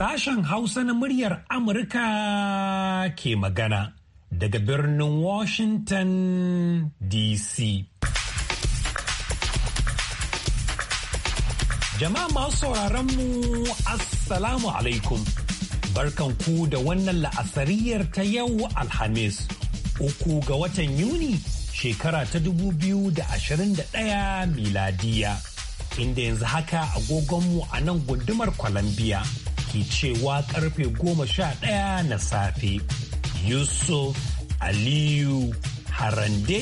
Sashen Hausa na muryar Amurka ke magana daga birnin Washington DC. Jama'a masu sauraron mu Assalamu alaikum. Barkan ku da wannan la'asariyar ta yau Alhamis, uku ga watan Yuni shekara ta 2021 miladiya. Inda yanzu haka agogonmu a nan gundumar Colombia. ke cewa karfe goma sha ɗaya na safe. Yusuf Aliyu Harande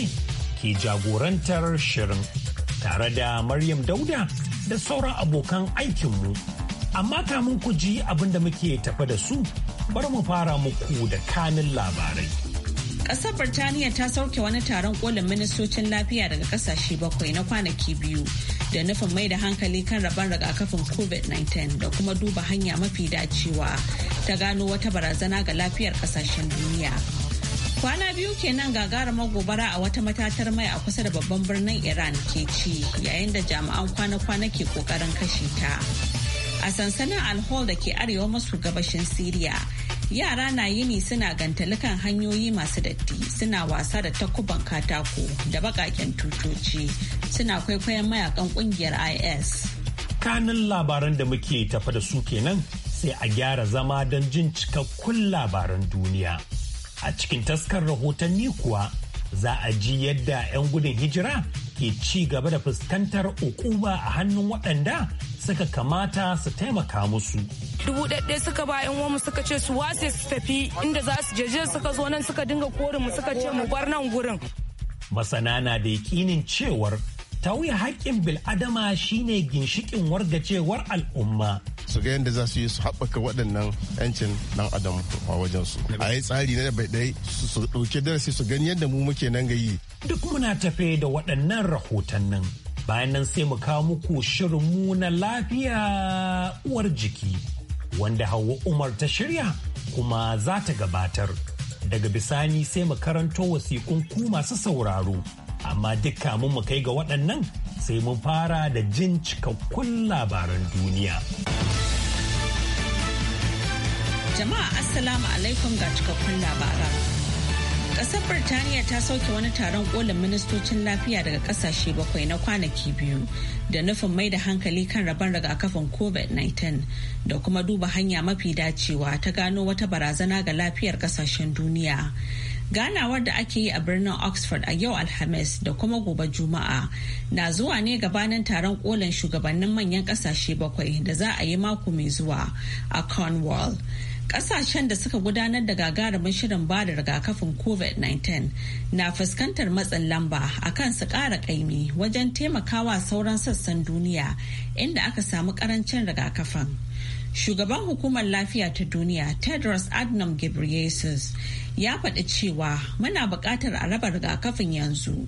ke jagorantar shirin tare da Maryam Dauda da sauran abokan aikinmu. Amma kamun ku ji abinda muke tafa da su, bari mu fara muku da kanin labarai. Ƙasar Birtaniya ta sauke wani taron ƙolin ministocin lafiya daga ƙasashe bakwai na kwanaki biyu da nufin mai da hankali kan rabon rigakafin covid-19 da kuma duba hanya mafi dacewa ta gano wata barazana ga lafiyar kasashen duniya kwana biyu kenan gagarumar magobara a wata matatar mai a kusa da babban birnin iran ke ci yayin da jami'an kwana-kwana ke kokarin kashe ta a sansanin alhol da ke arewa masu gabashin siriya yara na yini suna gantalikan hanyoyi masu datti suna wasa da takuban katako da bakaken tutoci suna kwaikwayon mayakan kungiyar is kanin labaran da muke tafa da su kenan sai a gyara zama don jin cikakkun labaran duniya a cikin taskar rahotanni kuwa za a ji yadda 'yan gudun hijira ke ci gaba da fuskantar ukuba a hannun waɗanda suka kamata su taimaka musu. Dubu ɗaɗɗe suka ba yan mu suka ce su wase su tafi inda za su jeje suka zo nan suka dinga korin mu suka ce mu bar nan gurin. Masana na da yakinin cewar tauye haƙƙin bil'adama shine ginshikin wargacewar al'umma su ga yadda za su yi su haɓaka waɗannan 'yancin ɗan adam a su a yi tsari na bai ɗai su ɗauki darasi su gani yadda mu muke nan ga duk muna tafe da waɗannan rahoton nan bayan nan sai mu kawo muku shirin mu na lafiya uwar jiki wanda hawa umar ta shirya kuma za ta gabatar daga bisani sai mu karanto wasiƙun ku masu sauraro amma dukka mun mu kai ga waɗannan sai mun fara da jin cikakkun labaran duniya. Jama'a Assalamu alaikum ga cikakkun labaran. Ƙasar Birtaniya ta sauke wani taron ƙolin ministocin lafiya daga ƙasashe bakwai na kwanaki biyu da nufin mai da hankali kan rabon rigakafin COVID-19 da kuma duba hanya mafi dacewa ta gano wata barazana ga lafiyar ƙasashen duniya. ganawar da ake yi a birnin oxford a yau alhamis da kuma gobe juma'a na zuwa ne gabanin taron kolin shugabannin manyan kasashe bakwai da za a yi mako mai zuwa a cornwall kasashen da suka gudanar da gagarumin shirin ba da rigakafin covid-19 na fuskantar matsin lamba a kan su ƙara ƙaimi wajen taimakawa sauran sassan duniya inda aka samu ƙarancin rigakafin shugaban hukumar lafiya ta duniya tedros adnam ghebreyesus ya faɗi cewa muna buƙatar a raba rigakafin yanzu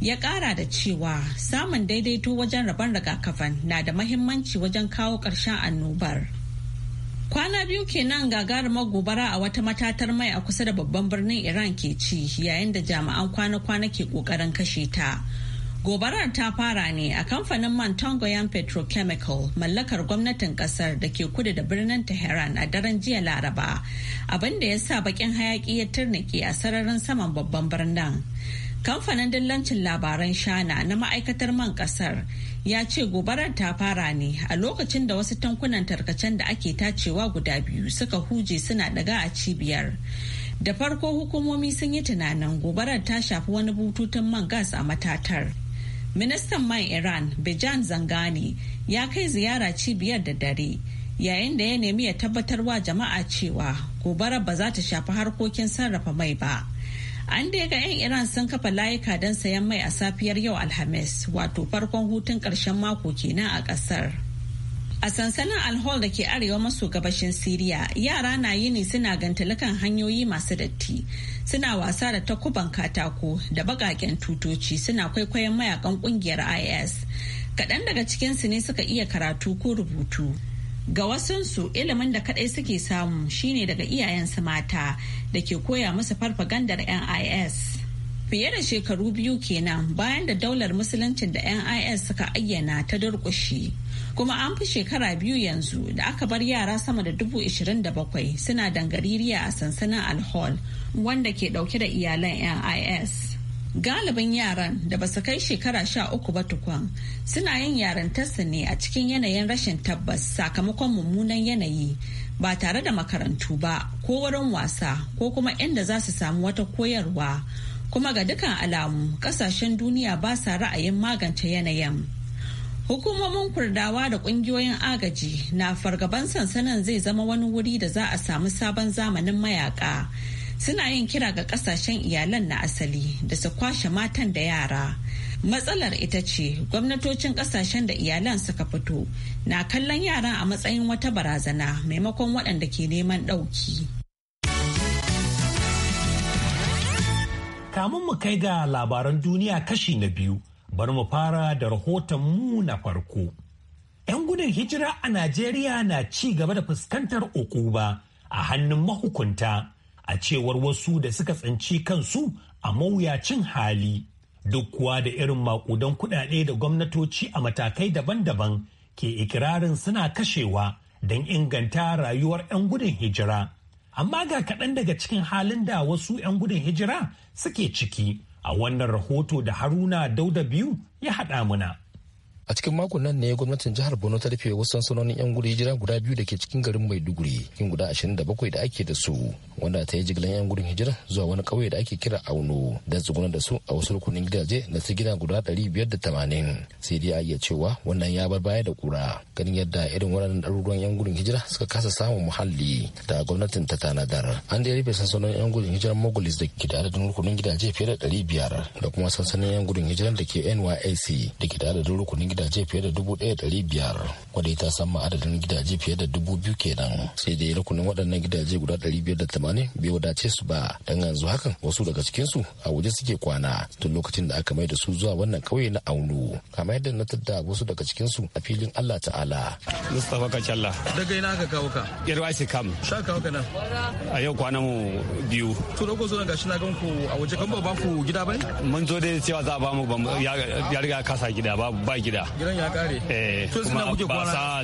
ya ƙara da cewa samun daidaito wajen raban rigakafin na da mahimmanci wajen kawo ƙarshen annobar. kwana biyu kenan gagarumar gobara a wata matatar mai a kusa da babban birnin iran ke ci yayin da jami'an kwana-kwana ke ƙoƙarin kashe ta Gobarar ta fara ne a kamfanin man Tongoyan Petrochemical mallakar gwamnatin kasar da ke kudu da birnin Tehran a daren jiya Laraba, abin da ya sa bakin hayaki ya turnike a sararin saman babban birnin. Kamfanin dillancin labaran Shana na ma'aikatar man kasar ya ce gobarar ta fara ne a lokacin da wasu tankunan tarkacen da ake tacewa guda biyu suka huje suna daga a cibiyar. Da farko hukumomi sun yi tunanin gobarar ta shafi wani bututun man gas a matatar. ministan man iran bijan zangani ya kai ziyara cibiyar da dare yayin da ya nemi ya tabbatar wa jama'a cewa gobara ba za ta shafi harkokin sarrafa mai ba an daga ga 'yan iran sun kafa layuka don sayan mai a safiyar yau alhamis wato farkon hutun karshen mako kenan a kasar. A sansanin alhol da ke arewa maso gabashin Siriya, yara na yi ne suna gantalukan hanyoyi masu datti. Suna wasa da takuban katako da bagaken tutoci suna kwaikwayon mayakan kungiyar IS. Kaɗan daga cikinsu ne suka iya karatu ko rubutu. Ga wasansu, ilimin da kaɗai suke samu shine daga iyayensu mata da ke koya musu farfagandar NIS. fiye da shekaru biyu kenan bayan da daular musuluncin da nis suka ayyana ta durƙushe kuma an fi shekara biyu yanzu da aka bar yara sama da dubu ishirin da bakwai suna dangaririya a sansanin alhol wanda ke dauke da iyalan nis galibin yaran da basu kai shekara sha uku ba tukwan suna yin yarantarsa ne a cikin yanayin rashin tabbas sakamakon mummunan yanayi ba tare da makarantu ba ko wurin wasa ko kuma inda za su samu wata koyarwa kuma ga dukan alamu kasashen duniya ba sa ra'ayin magance yanayin Hukumomin Kurdawa da ƙungiyoyin agaji na fargaban sansanin zai zama wani wuri da za a samu sabon zamanin mayaka. Suna yin kira ga ƙasashen iyalan na asali da su kwashe matan da yara. Matsalar ita ce gwamnatocin ƙasashen da iyalan suka fito na kallon yaran a matsayin wata barazana maimakon waɗanda ke neman ɗauki. kamun mu kai ga labaran duniya kashi na biyu bari mu fara da rahoton mu na farko. 'Yan gudun hijira a Najeriya na ci gaba da fuskantar ukuba a hannun mahukunta a cewar wasu da suka tsinci kansu a mawuyacin hali. Duk kuwa da irin makudan kudade da gwamnatoci a matakai daban-daban ke ikirarin suna kashewa don inganta rayuwar 'yan gudun hijira. Amma ga kaɗan daga cikin halin da wasu 'yan gudun hijira suke ciki. a wannan rahoto da haruna dauda biyu ya haɗa muna a cikin makon nan ne gwamnatin jihar borno ta rufe wasu sansanonin yan gudun hijira guda biyu da ke cikin garin maiduguri yin guda 27 da ake da su wanda ta yi jigilan yan gudun hijira zuwa wani kauye da ake kira auno da tsuguna da su a wasu rukunin gidaje da su gina guda 580 sai dai a iya cewa wannan ya bar baya da kura ganin yadda irin waɗannan ɗaruruwan yan gudun hijira suka kasa samun muhalli da gwamnatin ta tanadar an da rufe sansanonin yan gudun hijirar mogulis da ke da adadin rukunin gidaje fiye da 500 da kuma sansanonin yan gudun hijira da ke nyac da ke da adadin rukunin gidaje fiye da dubu ɗaya ɗari biyar wadda ita samu adadin gidaje fiye da dubu biyu kenan sai dai rukunin waɗannan gidaje guda ɗari biyar da tamanin bai wadace su ba don yanzu hakan wasu daga cikinsu a waje suke kwana tun lokacin da aka mai da su zuwa wannan ƙauye na aunu kamar yadda na tadda wasu daga cikinsu a filin allah ta'ala. mustapha kacalla daga ina aka kawo ka. yarwa ce kam. sha kawo ka nan. a yau kwana mu biyu. to da ko zo gashi na gan ku a waje kan ba ku gida ba ne. mun zo dai cewa za a ba mu ya riga kasa gida ba gida. jiya gidan ya kare eh kuma ba sa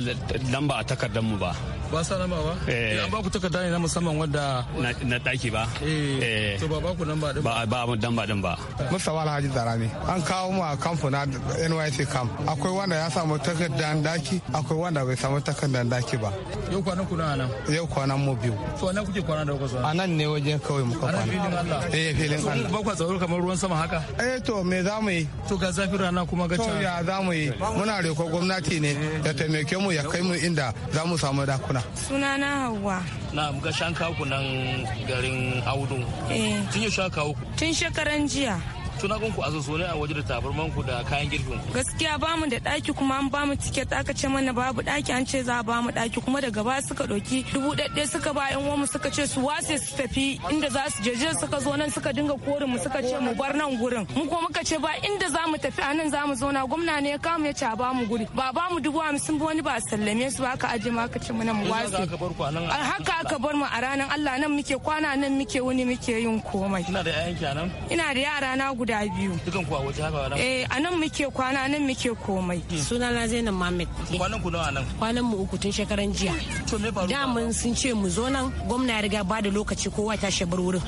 lamba a takardar mu ba ba sa lamba ba eh, eh an ba ku takarda ne na musamman wadda na daki ba eh. eh to ba ba ku lamba din ba ba mu lamba din ba Mustafa Alhaji Zarami an kawo mu a kamfu na NYC camp akwai wanda ya samu takardar daki akwai wanda bai samu takardar daki ba yau kwanan ku na nan yau kwanan mu biyu to nan kuke kwana da kwasa. a nan ne waje kawai muka kwana filin Allah eh filin Allah ba ku tsaro kamar ruwan sama haka eh to me za mu yi to ga zafin rana kuma ga to ya za mu yi muna roƙon gwamnati ne ya taimake mu ya kai mu inda za mu samu dakuna sunana hawa na muka shan kaku nan garin audu eh. tun yi shan kawo tun shekaran jiya tunagun ku a sosone a waje da tabarman ku da kayan girkin ku gaskiya ba mu da daki kuma an ba mu tiket aka ce mana babu daki an ce za a ba mu daki kuma daga ba suka dauki dubu ɗaɗɗe suka ba yan uwanmu suka ce su wase su tafi inda za su jeje suka zo nan suka dinga korin mu suka ce mu bar nan gurin mu ko muka ce ba inda za mu tafi a nan za mu zauna gwamna ne ya kamu ya ce a ba mu guri ba ba mu dubu hamsin ba wani ba a sallame su ba aka aje ma aka ce mana mu wase haka aka bar mu a ranar Allah nan muke kwana nan muke wani muke yin komai ina da a nan ina da yara na guda guda biyu. Dukan ku a waje haka Eh a nan muke kwana nan muke komai. Mm. Sunana Zainab Mohammed. Kwanan ku nawa nan? Kwanan mu uku tun shekaran jiya. To me faru? Da mun sun ce mu zo nan gwamna ya riga bada lokaci kowa ta shabar wurin.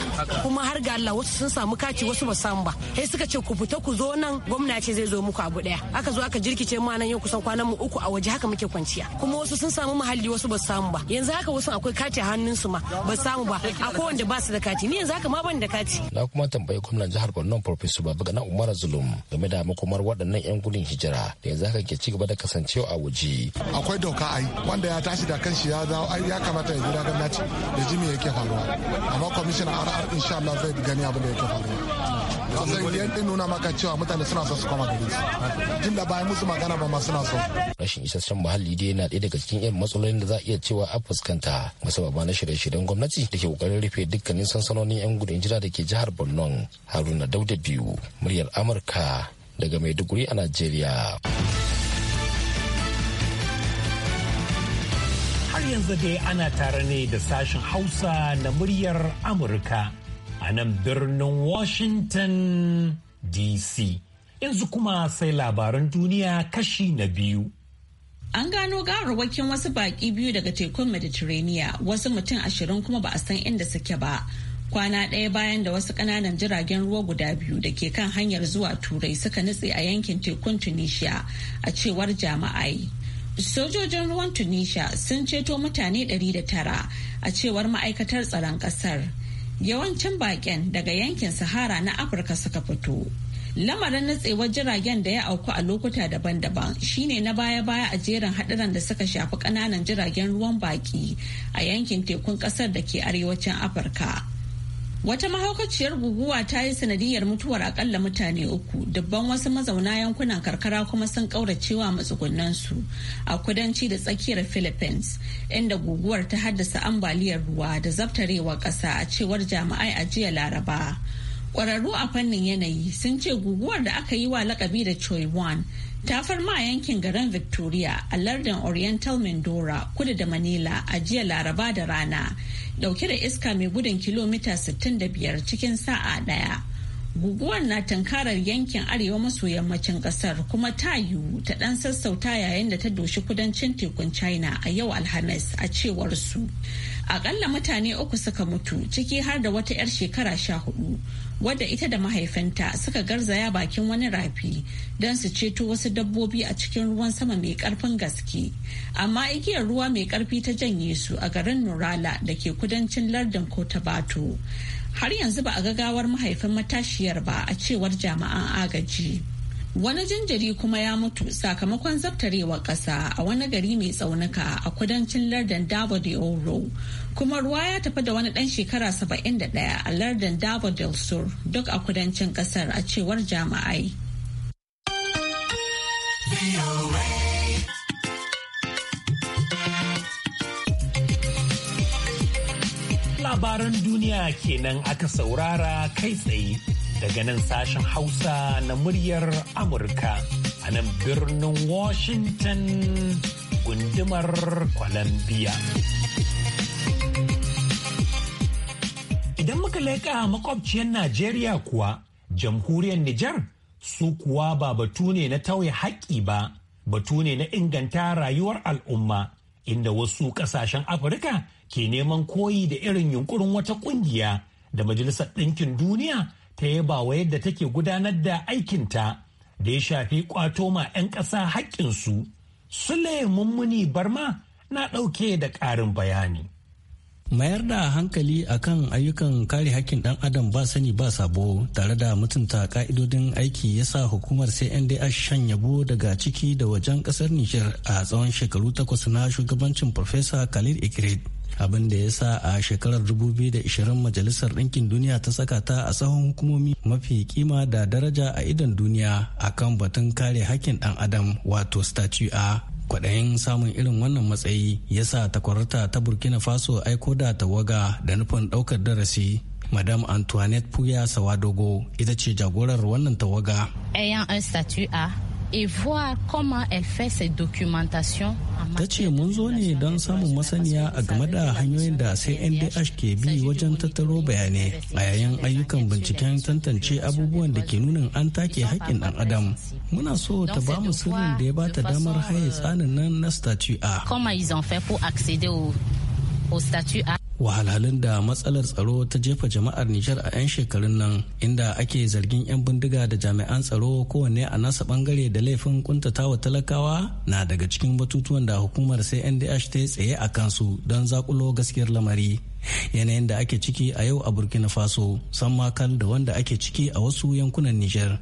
Kuma har ga Allah wasu sun samu kaci wasu ba samu ba. Sai suka ce ku fita ku zo nan gwamna ce zai zo muku abu daya. Aka zo aka jirkice mu nan yau kusan kwanan mu uku a waje haka muke kwanciya. Kuma wasu sun samu muhalli wasu ba samu ba. Yanzu haka wasu akwai kati a hannunsu ma ba samu ba. Akwai wanda ba su da kati. Ni yanzu haka ma ban da kati. Na kuma tambayi gwamnan jihar Borno Prof. su babu na umar zulum game da makomar waɗannan 'yan gudun hijira da yanzu haka ke cigaba da kasancewa a waje. akwai doka ai wanda ya tashi da kanshi ya zawo ai ya kamata ya gida gannaci da jimi yake faruwa amma kwamishinan rr insha Allah zai gani abin da yake faruwa. kasan nuna maka cewa mutane suna so su koma gari jin da bayan musu magana ba ma suna so rashin isasshen muhalli dai yana ɗaya daga cikin yan matsalolin da za a iya cewa a fuskanta musamman na shirye-shiryen gwamnati da ke ƙoƙarin rufe dukkanin sansanonin yan gudun jira da ke jihar borno haruna dauda biyu biyu muryar amurka daga maiduguri a najeriya har yanzu dai ana tare ne da sashen hausa na muryar amurka a nan birnin washington dc yanzu kuma sai labaran duniya kashi na biyu An gano gawarwakin wasu baƙi biyu daga tekun Mediterranean wasu mutum ashirin kuma ba a san inda suke ba kwana ɗaya bayan da wasu ƙananan jiragen ruwa guda biyu da ke kan hanyar zuwa turai suka nutse a yankin tekun tunisia a cewar jama'ai sojojin ruwan tunisia sun ceto mutane 109 a cewar ma'aikatar tsaron ƙasar yawancin baƙin daga yankin sahara na afirka suka fito lamarin nutsewar jiragen da ya auku a lokuta daban-daban shine na baya-baya a jerin hadiran da suka shafi ƙananan jiragen ruwan baƙi a yankin tekun ƙasar da ke arewacin afirka Wata mahaukaciyar guguwa ta yi sanadiyar mutuwar akalla mutane uku, dubban wasu mazauna yankunan karkara kuma sun kauracewa matsugunansu a kudanci da tsakiyar Philippines, inda guguwar ta haddasa ambaliyar ruwa da zabtarewa ƙasa a cewar jami'ai a jiya Laraba. Ƙwararru a fannin yanayi sun ce guguwar da aka yi wa lakabi da Choi Wan ta farma a yankin garin victoria a lardin oriental mindora kudu da manila a jiya laraba da rana dauke da iska mai gudun kilomita 65 cikin sa'a daya guguwar na tankarar yankin arewa maso yammacin kasar kuma ta yiwu ta dan sassauta yayin da ta doshi kudancin tekun china a yau alhamis a cewar su akalla mutane uku suka mutu ciki har da wata 'yar shekara sha hudu wadda ita da mahaifinta suka garzaya bakin wani rafi don su ceto wasu dabbobi a cikin ruwan sama mai karfin gaske amma igiyar ruwa mai karfi ta janye su a garin nurala da ke kudancin lardin Tabato har yanzu ba a gagawar mahaifin matashiyar ba a cewar jami'an agaji wani jinjiri kuma ya mutu sakamakon zaftarewar ƙasa a wani gari mai tsaunuka a kudancin lardin dabo de kuma ruwa ya tafi da wani ɗan shekara 71 a lardin Davao del Sur duk a kudancin ƙasar a cewar jami'ai. Labaran duniya kenan aka saurara kai tsaye daga nan sashen Hausa na muryar Amurka a nan birnin Washington gundumar Columbia. Idan muka leƙa makwabciyar Najeriya kuwa, jamhuriyar Nijar su kuwa ba batu ne na tauye haƙƙi ba, batu ne na inganta rayuwar al'umma, inda wasu ƙasashen Afirka ke neman koyi da irin yunkurin wata ƙungiya da Majalisar Ɗinkin Duniya ta yaba wa yadda take gudanar da aikinta da ya shafi ƙwato ma 'yan ƙasa haƙƙinsu. Sule Mummuni Barma na ɗauke da ƙarin bayani. mayar da hankali akan ayyukan kare hakkin dan adam ba sani ba sabo tare da mutunta ka'idodin aiki ya sa hukumar cndh shan yabo daga ciki da wajen kasar nijar a tsawon shekaru takwas na shugabancin farfesa Khalil ikrid abin da ya sa a shekarar 2020 majalisar ɗinkin duniya ta saka ta a sahun hukumomi mafi kima da daraja a idon duniya akan batun kare hakkin dan adam wato statue a kwaɗayin samun irin wannan matsayi ya sa takwarta ta burkina faso aiko da tawaga da nufin ɗaukar darasi madam antoinette puya sawadogo ita ce jagorar wannan tawaga ayant et voir comment elle fait Ta ce mun zo ne don samun masaniya a game da hanyoyin da sai NDH ke bi wajen tattaro bayanai a yayin ayyukan binciken tantance abubuwan da ke nunin an take haƙƙin ɗan adam. Muna so ta ba mu sirrin da ya bata damar haye euh, tsanin nan na statue A. Comment ils ont A? wahalhalun da matsalar tsaro ta jefa jama'ar Nijar a 'yan shekarun nan inda ake zargin 'yan bindiga da jami'an tsaro kowanne a nasa bangare da laifin kuntatawa talakawa na daga cikin batutuwan da hukumar CNDH ta tsaye a kansu don zakulo gaskiyar lamari. yanayin da ake ciki a yau a burkina faso san makal da wanda ake ciki a wasu yankunan niger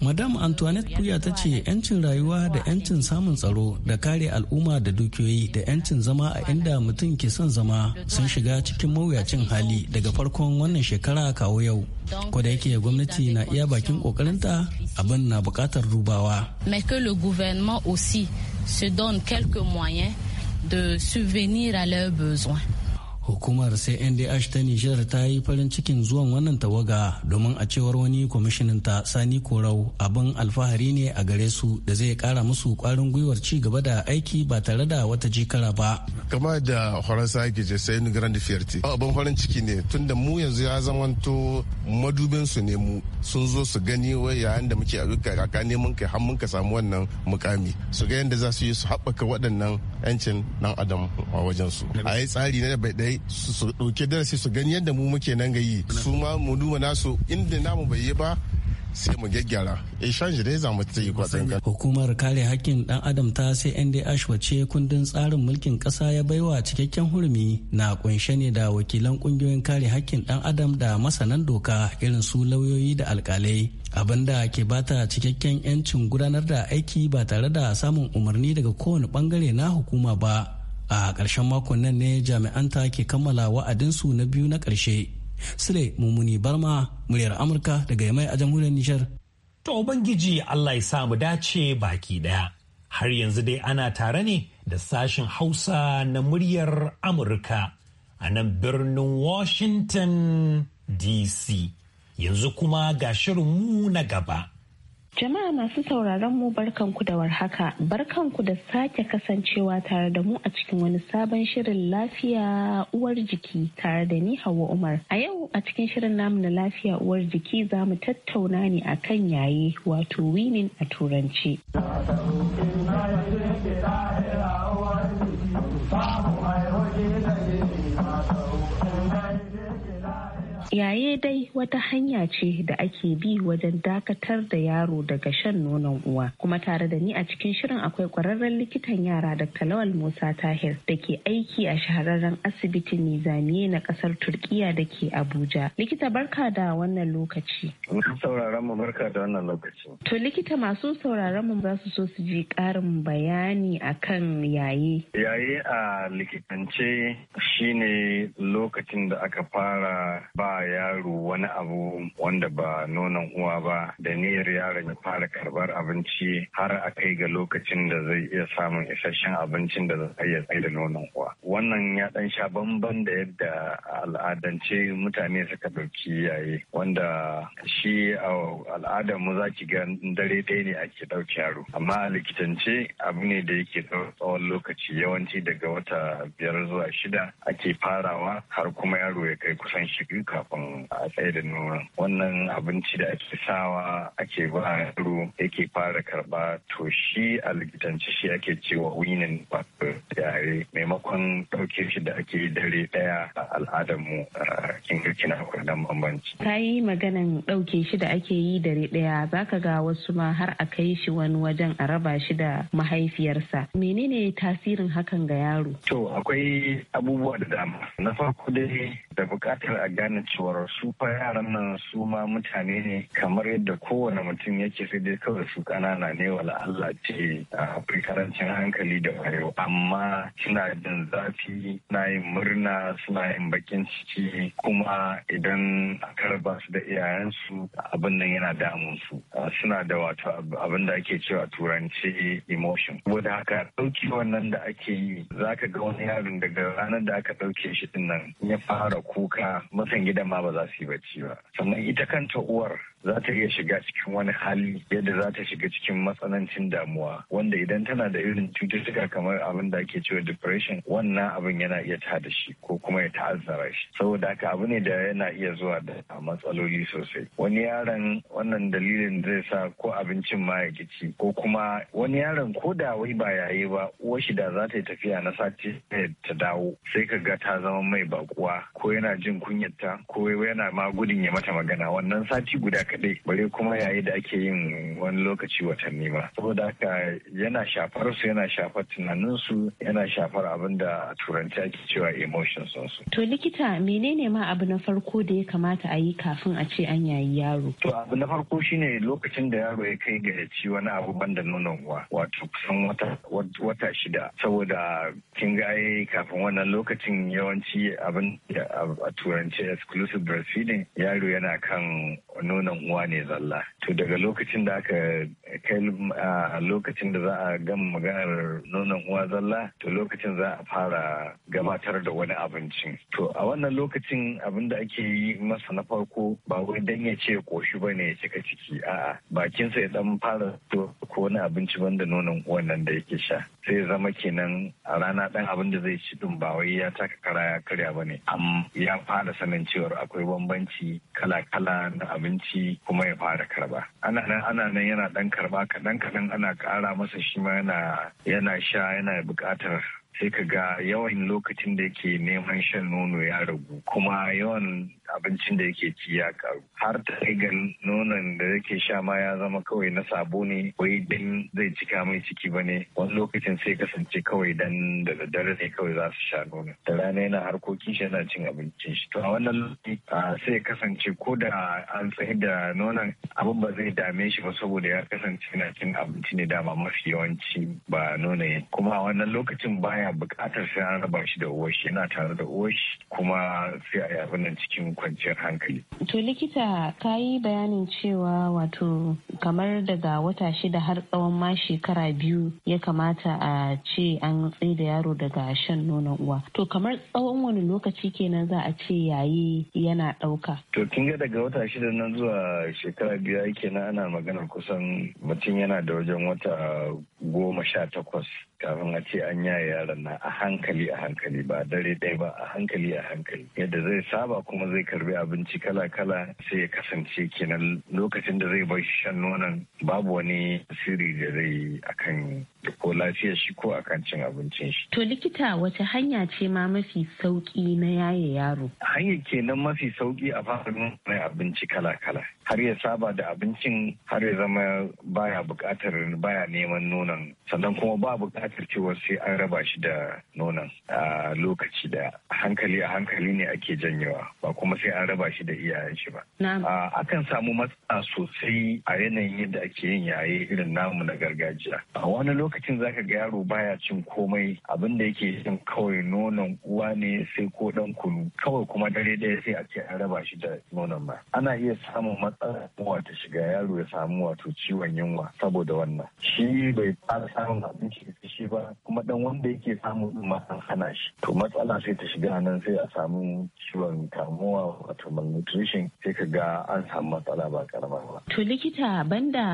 madam antoinette puya ta ce yancin rayuwa da yancin samun tsaro da kare al'umma da dukiyoyi da yancin zama a inda mutum ke son zama sun shiga cikin mawuyacin hali daga farkon wannan shekara kawo yau ko da yake gwamnati na iya bakin kokarinta abin na bukatar dubawa se donne quelques moyens de subvenir à leurs besoins. hukumar cndh ta nijar ta yi farin cikin zuwan wannan tawaga domin a cewar wani ta sani korau abin alfahari ne a gare su da zai kara musu kwarin gwiwar ci gaba da aiki ba tare da wata jikara ba kama da faransa sake je sai ni grand fierté abin farin ciki ne tunda mu yanzu ya zamanto madubin su ne mu sun zo su gani yayin da muke ayyuka kaka neman kai har mun ka samu wannan mukami su ga yadda za su yi su haɓaka waɗannan 'yancin dan adam a wajen su a yi tsari na bai dai su ɗauki darasi su gani yadda mu muke nan gayi su ma mu duba nasu inda namu bai yi ba sai mu gyaggyara exchange eh, dai za mu yi kwatsan hukumar kare hakkin dan adam ta CNDH wace kundin tsarin mulkin kasa ya baiwa cikakken hurumi na kunshe ne da wakilan kungiyoyin kare hakkin dan adam da masanan doka irin su lauyoyi da alkalai da ke bata cikakken yancin gudanar da aiki ba tare da samun umarni daga kowane bangare na hukuma ba a ƙarshen makon nan ne jami'an ta ke kammala wa'adinsu na biyu na ƙarshe Sule Mummuni Barma muryar Amurka daga Yamai a jamhuriyar Nijar. To Ubangiji Allah ya samu dace baki daya. Har yanzu dai ana tare ne da sashen Hausa na muryar Amurka a nan birnin Washington DC. Yanzu kuma ga shirinmu na gaba. Jama'a masu sauraron mu barkanku da warhaka, barkanku da sake kasancewa tare da mu a cikin wani sabon shirin lafiya uwar jiki tare da ni Hauwa Umar. A yau a cikin shirin namu na lafiya uwar jiki za mu tattauna ne akan yaye wato women a turanci. Yaye dai wata hanya ce da ake bi wajen dakatar da yaro daga shan nonon uwa. Kuma tare da ni a cikin shirin akwai kwararren likitan yara da Lawal Musa Tahir da ke aiki a shahararren asibitin Nizamiye na kasar Turkiya da ke Abuja. Likita barka da wannan lokaci. sauraron mu barka da wannan lokaci. To likita masu sauraron mu za su so su ji ƙarin bayani akan yaye. Yaye a likitance shine lokacin da aka fara ba yaro wani abu wanda ba nonon uwa ba da niyyar yaron ya fara karbar abinci har a kai ga lokacin da zai iya samun isasshen abincin da zai iya tsaye da nonon uwa wannan ya dan sha bamban da yadda al'adance mutane suka ɗauki yayi, wanda shi a al'adar mu za ki ga dare ɗaya ne ake ɗauki yaro amma a likitance abu ne da yake tsawon lokaci yawanci daga wata biyar zuwa shida ake farawa har kuma yaro ya kai kusan shi kafin a tsaye da noma wannan abinci da ake sawa ake ba yaro yake fara karba to shi a likitanci shi ake cewa winin wato yare maimakon ɗauke shi da ake dare ɗaya a al'adar mu kin ga kina kwanan bambanci. ka yi maganan ɗauke shi da ake yi dare ɗaya zaka ga wasu ma har a kai shi wani wajen a raba shi da mahaifiyarsa menene tasirin hakan ga yaro. to akwai abubuwa da dama na farko dai da buƙatar a gane cewar su fa yaran nan su ma mutane ne kamar yadda kowane mutum yake sai dai kawai su kanana ne wala Allah ce a karancin hankali da wayo amma suna jin zafi na yin murna suna yin bakin ciki kuma idan aka raba su da iyayensu abin nan yana damun su suna da wato abin da ake cewa turanci emotion saboda haka ɗauki wannan da ake yi zaka ga wani yarin daga ranar da aka ɗauke shi din nan ya fara kuka masan gidan ma ba za su yi bacci ba sannan ita kanta uwar za ta iya shiga cikin wani hali yadda za ta shiga cikin matsanancin damuwa wanda idan tana da irin cututtuka kamar abin da ake cewa depression wannan abin yana iya ta da shi ko kuma ya ta'azzara shi saboda haka abu ne da yana iya zuwa da matsaloli sosai wani yaron wannan dalilin zai sa ko abincin ma ya gici ko kuma wani yaron ko da wai ba yayi ba uwar shi da za ta yi tafiya na sati ta dawo sai ka ga ta zama mai bakuwa ko yana jin kunyarta ko yana ma gudun ya mata magana wannan sati guda kaɗai bare kuma yayi da ake yin wani lokaci watanni ma saboda haka yana shafar su yana shafar tunanin su yana shafar abin da turanci ake cewa emotions su to likita menene ma abu na farko da ya kamata a yi kafin a ce an yayi yaro to abu na farko shine lokacin da yaro ya kai ga ci wani abu banda nonon uwa wato kusan wata shida saboda kin ga kafin wannan lokacin yawanci abin a turanci exclusive breastfeeding yaro yana kan nonon uwa ne zalla to daga lokacin da aka kai a lokacin da za a gama maganar nonon uwa zalla to lokacin za a fara gabatar da wani abinci to a wannan lokacin abin da ake yi masa na farko ba wai dan ya ce koshi ba ne ya cika ciki a'a bakinsa ya dan fara to ko wani abinci banda nonon uwan nan da yake sha sai zama kenan a rana dan abin da zai ci din ba wai ya taka kara ya karya ba ne ya fara sanin cewar akwai bambanci kala-kala na abinci abinci kuma ya fara karba ana nan ana nan yana dan karba kaɗan kaɗan ana ƙara masa shi ma yana yana sha yana bukatar sai ka ga yawan lokacin da yake neman shan nono ya ragu kuma yawan abincin da yake ci ya karu har ta ga nonon da yake sha ma ya zama kawai na sabo ne wai dan zai cika mai ciki ba ne wani lokacin sai kasance kawai dan da daddare ne kawai za su sha nono da rana yana harkokin shi yana cin abincin shi to a wannan lokaci sai kasance ko da an tsaye da nonon abin ba zai dame shi ba saboda ya kasance yana cin abinci ne dama mafi yawanci ba nono ya kuma a wannan lokacin baya bukatar sai an raba shi da uwar shi yana tare da uwar shi kuma sai a yi abin nan cikin kwanciyar hankali. To likita ka yi bayanin cewa wato kamar daga wata shida har tsawon ma shekara biyu ya kamata a ce an da yaro daga shan nonon uwa. To kamar tsawon wani lokaci kenan za a ce yayi yana ɗauka. To kin ga daga wata shida nan zuwa shekara biyu kenan ana maganar kusan mutum yana da wajen wata goma sha takwas kafin a ce an yaye yaron na a hankali a hankali ba dare ɗaya ba a hankali a hankali yadda zai saba kuma zai karbi abinci kala kala sai ya kasance kenan lokacin da zai bar shan nonon babu wani sirri da zai akan ko lafiyar shi ko akan cin abincin shi. To likita wata hanya ce ma mafi sauki na yaye yaro? Hanya kenan mafi sauki a fara nuna abinci kala kala har ya saba da abincin har ya zama baya bukatar baya neman nonon sannan kuma ba bukatar buƙatar sai an raba shi da nonon a lokaci da hankali a hankali ne ake janyewa ba kuma sai an raba shi da iyayen shi ba. Akan samu matsa sosai a yanayin yadda ake yin yaye irin namu na gargajiya. A wani lokacin zaka ga yaro baya cin komai abin da yake cin kawai nonon uwa ne sai ko dan kunu kawai kuma dare daya sai a ce an raba shi da nonon ba. Ana iya samun matsalar ta shiga yaro ya samu wato ciwon yunwa saboda wannan. Shi bai fara samun abinci shi ba kuma dan wanda yake samu din ma an hana shi to matsala sai ta shiga nan sai a samu ciwon kamuwa wato malnutrition sai ka ga an samu matsala ba karama ba to likita banda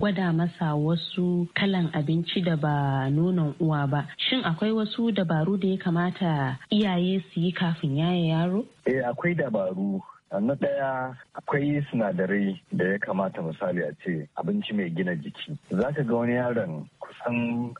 gwada masa wasu kalan abinci da ba nonon uwa ba shin akwai wasu dabaru da ya kamata iyaye su yi kafin yaye yaro eh akwai dabaru na ɗaya akwai sinadarai da ya kamata misali a ce abinci mai gina jiki za ka ga wani yaron kusan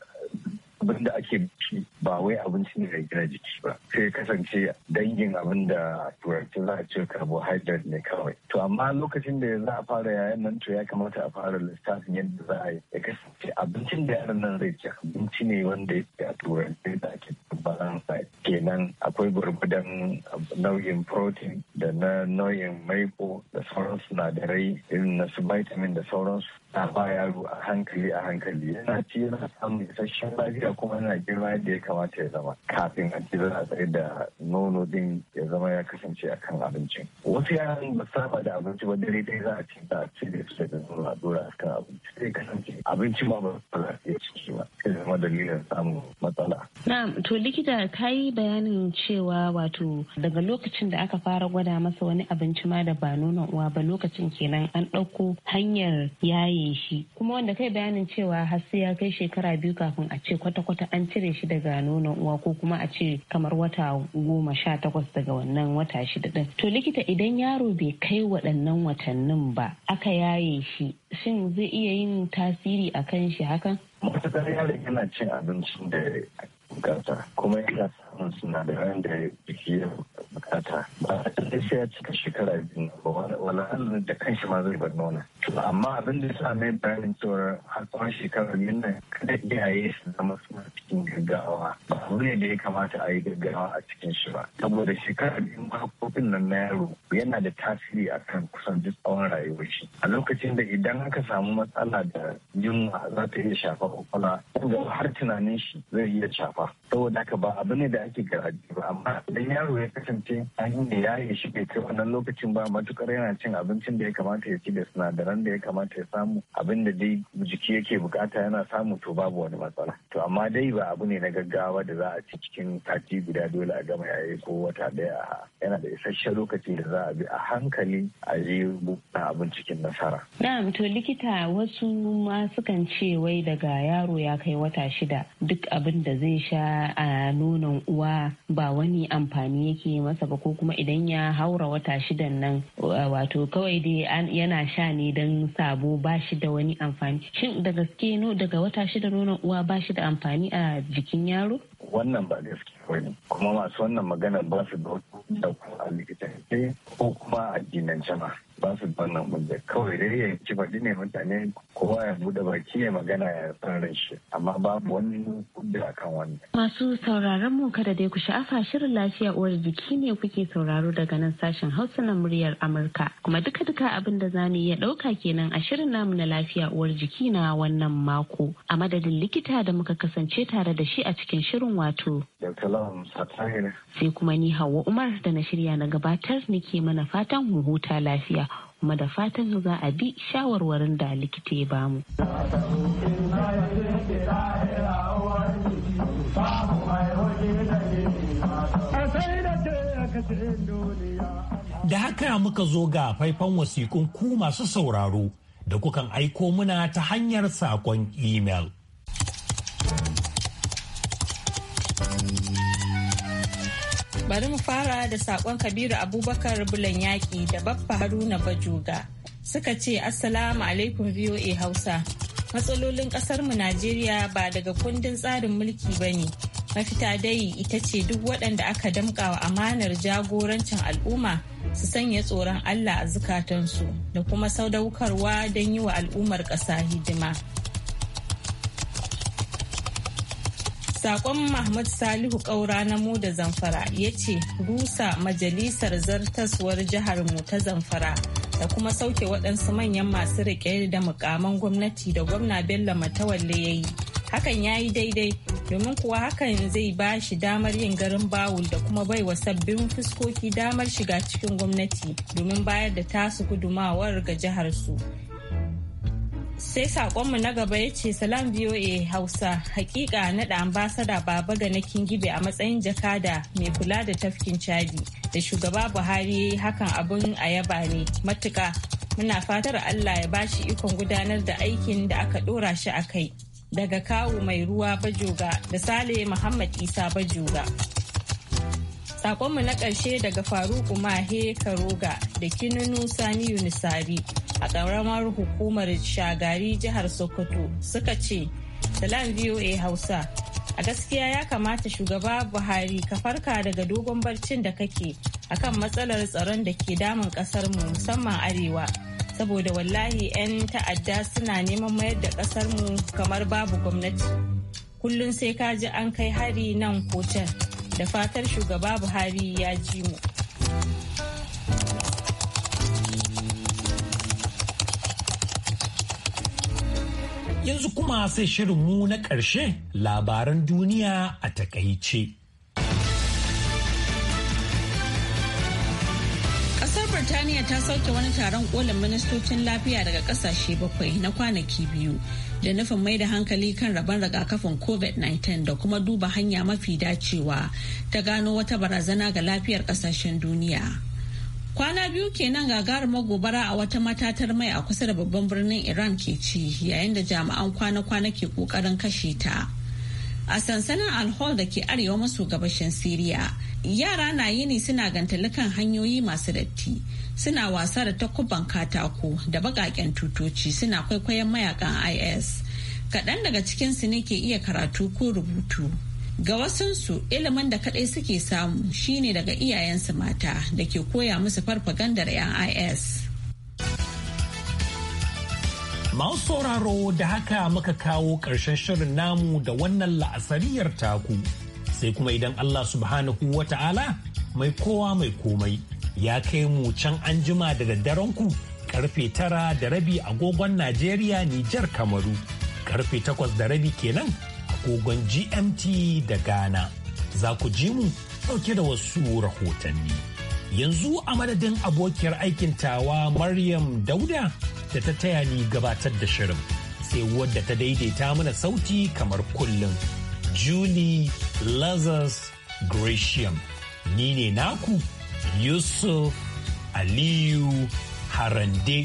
abin da ake ci ba wai abinci ne da gina jiki ba sai kasance dangin abin da turanci za a ce carbohydrate ne kawai to amma lokacin da za a fara yayan nan to ya kamata a fara lissafin yadda za a yi ya kasance abincin da yaran nan zai ci abinci ne wanda ya fi a turanci da ake balansa kenan akwai gurgudan nau'in protein da na nau'in maiko da sauran sinadarai irin na su vitamin da sauransu a ba yaro a hankali a hankali yana ci yana samun isasshen lafiya kuma yana girma yadda ya kamata ya zama kafin a ci zana tsaye da nono din ya zama ya kasance a kan abincin wasu yaran ba saba da abinci ba dare dai za a ci za a ci da su da nono a dora a kan abinci sai kasance abinci ma ba za su iya ciki ba sai zama dalilin samun matsala. Na to likita ka yi bayanin cewa wato daga lokacin da aka fara gwada masa wani abinci ma da ba nonon uwa ba lokacin kenan an ɗauko hanyar yayi yi shi kuma wanda kai bayanin cewa har sai ya kai shekara biyu kafin a ce kwata-kwata an cire shi daga nonon uwa ko kuma a ce kamar wata goma sha takwas daga wannan wata shida din to likita idan yaro bai kai waɗannan watannin ba aka yaye shi shin zai iya yin tasiri a kan shi hakan? yana cin abinci da kuma yana samun suna da jiki ya bukata ba a sai ya cika shekara biyu ba wala halin da kanshi ma zai bar nuna. amma abin da sa mai bayanin cewar har tsawon shekara biyu nan kada iyaye su zama suna cikin gaggawa ba abu ne da ya kamata a yi gaggawa a cikin shi ba saboda shekara biyu kofin nan na yaro yana da tasiri a kan kusan duk tsawon rayuwar shi a lokacin da idan aka samu matsala da yunwa za ta iya shafa kwakwalwa har tunanin shi zai iya shafa saboda haka ba abu ne da ake gargaɗi ba amma idan yaro ya kasance an yi ya yi shi bai kai wannan lokacin ba matukar yana cin abincin da ya kamata ya ci da sinadaran da ya kamata ya samu abin da dai jiki yake bukata yana samu to babu wani matsala to amma dai ba abu ne na gaggawa da za a ci cikin sati guda dole a gama yayi ko wata daya yana da isasshen lokaci da za a bi a hankali a je abin cikin nasara. Na'am to likita wasu ma sukan ce wai daga yaro ya kai wata shida duk abin da zai sha a nonon uwa cewa ba wani amfani yake masa ba ko kuma idan ya haura wata shidan nan wato kawai dai yana sha ne don sabo ba shi da wani amfani shin da gaske no daga wata shida nonon uwa ba shi da amfani a jikin yaro wannan ba gaskiya ba ne kuma masu wannan magana ba su da wata a likitance ko kuma addinance ma ba su da wannan hujja kawai dai ya ci faɗi ne mutane kowa ya buɗe baki ya magana ya tsarin shi amma babu wani hujja akan wannan. masu sauraron mu kada dai ku sha'afa shirin lafiya uwar jiki ne kuke sauraro daga nan sashen hausa na muryar amurka kuma duka duka abin da za ya ɗauka kenan a shirin namu na lafiya uwar jiki na wannan mako a madadin likita da muka kasance tare da shi a cikin shirin shirin wato. Sai kuma ni Hauwa Umar da na shirya na gabatar nake mana fatan mu huta lafiya kuma da fatan za a bi shawarwarin da likita ya bamu. Da haka muka zo ga faifan wasiƙun ku masu sauraro da kukan aiko muna ta hanyar saƙon imel. Bari mu fara da saƙon Kabiru Abubakar Bulan Yaƙi da Baffa Haruna Bajoga. Suka ce Assalamu alaikum VOA Hausa. Matsalolin ƙasarmu Najeriya ba daga kundin tsarin mulki ba ne. Mafita dai ita ce duk waɗanda aka damƙa wa amanar jagorancin al'umma su sanya tsoron Allah a zukatansu da kuma sadaukarwa don yi wa al'ummar ƙasa hidima. Sakon Mahmud Salihu Kaura na mu da Zamfara ya ce rusa majalisar zartaswar jihar mu ta Zamfara da kuma sauke waɗansu manyan masu riƙe da mukaman gwamnati da gwamna Bello Matawalle ya yi. Hakan ya yi daidai domin kuwa hakan zai ba shi damar yin garin bawul da kuma bai wa sabbin fuskoki damar shiga cikin gwamnati domin bayar da tasu gudumawar ga jihar su. sai sakonmu na gaba ya ce salam voa hausa hakika da ambasada baba ga na gibe a matsayin jakada mai kula da tafkin chadi da shugaba buhari hakan abun a yaba ne matuka muna fatar allah ya bashi ikon gudanar da aikin da aka ɗora shi a kai daga kawu mai ruwa bajoga da sale muhammad isa bajoga sakonmu na ƙarshe daga faruku mahe karoga da kinunu sani yunisari a ƙaramar hukumar shagari jihar sokoto suka ce salam voa hausa a gaskiya ya kamata shugaba buhari ka farka daga dogon barcin da kake akan matsalar tsaron da ke damun mu musamman arewa saboda wallahi 'yan ta'adda suna neman mayar da mu kamar babu gwamnati kullum sai ka ji an kai hari nan ko da fatar shugaba buhari ya ji mu Yanzu kuma sai shirin mu na ƙarshe labaran duniya a takaice. Ƙasar Birtaniya ta sauke wani taron ƙolin ministocin lafiya daga ƙasashe bakwai na kwanaki biyu da nufin mai da hankali kan rabon rigakafin COVID-19 da kuma duba hanya mafi dacewa ta gano wata barazana ga lafiyar ƙasashen duniya. kwana biyu kenan gagarumar gobara a wata matatar mai a kusa da babban birnin iran ke ci yayin da jami'an kwana-kwana ke kokarin kashe ta a sansanin alhol da ke arewa maso gabashin siriya yara na yini suna gantalikan hanyoyi masu datti suna wasa da takuban katako da bakaken tutoci suna kwaikwayon mayakan is kaɗan daga cikin su ne ke iya karatu ko rubutu Ga wasansu ilimin da kaɗai suke samu shine daga iyayensu mata da ke koya musu farfagandar 'yan IS. Masu sauraro da haka muka kawo ƙarshen shirin namu da wannan la'asariyar taku. Sai kuma idan Allah subhanahu wa ta'ala mai kowa mai komai ya kai mu can anjima jima da daddaren ku karfe tara da rabi agogon Najeriya Nijar Kamaru. Karfe takwas da rabi kenan agogon GMT da Ghana. Za ku ji mu ɗauke da wasu rahotanni. Yanzu a madadin abokiyar aikin tawa Maryam Dauda da ta taya ni gabatar da shirin. Sai wadda ta daidaita mana sauti kamar kullum. Julie Lazarus Gratiam. Ni ne naku Yusuf Aliyu Harande.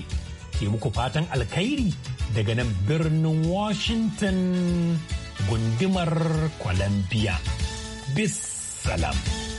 Ke muku fatan alkhairi daga nan birnin Washington. gundumar Columbia. Bis salam.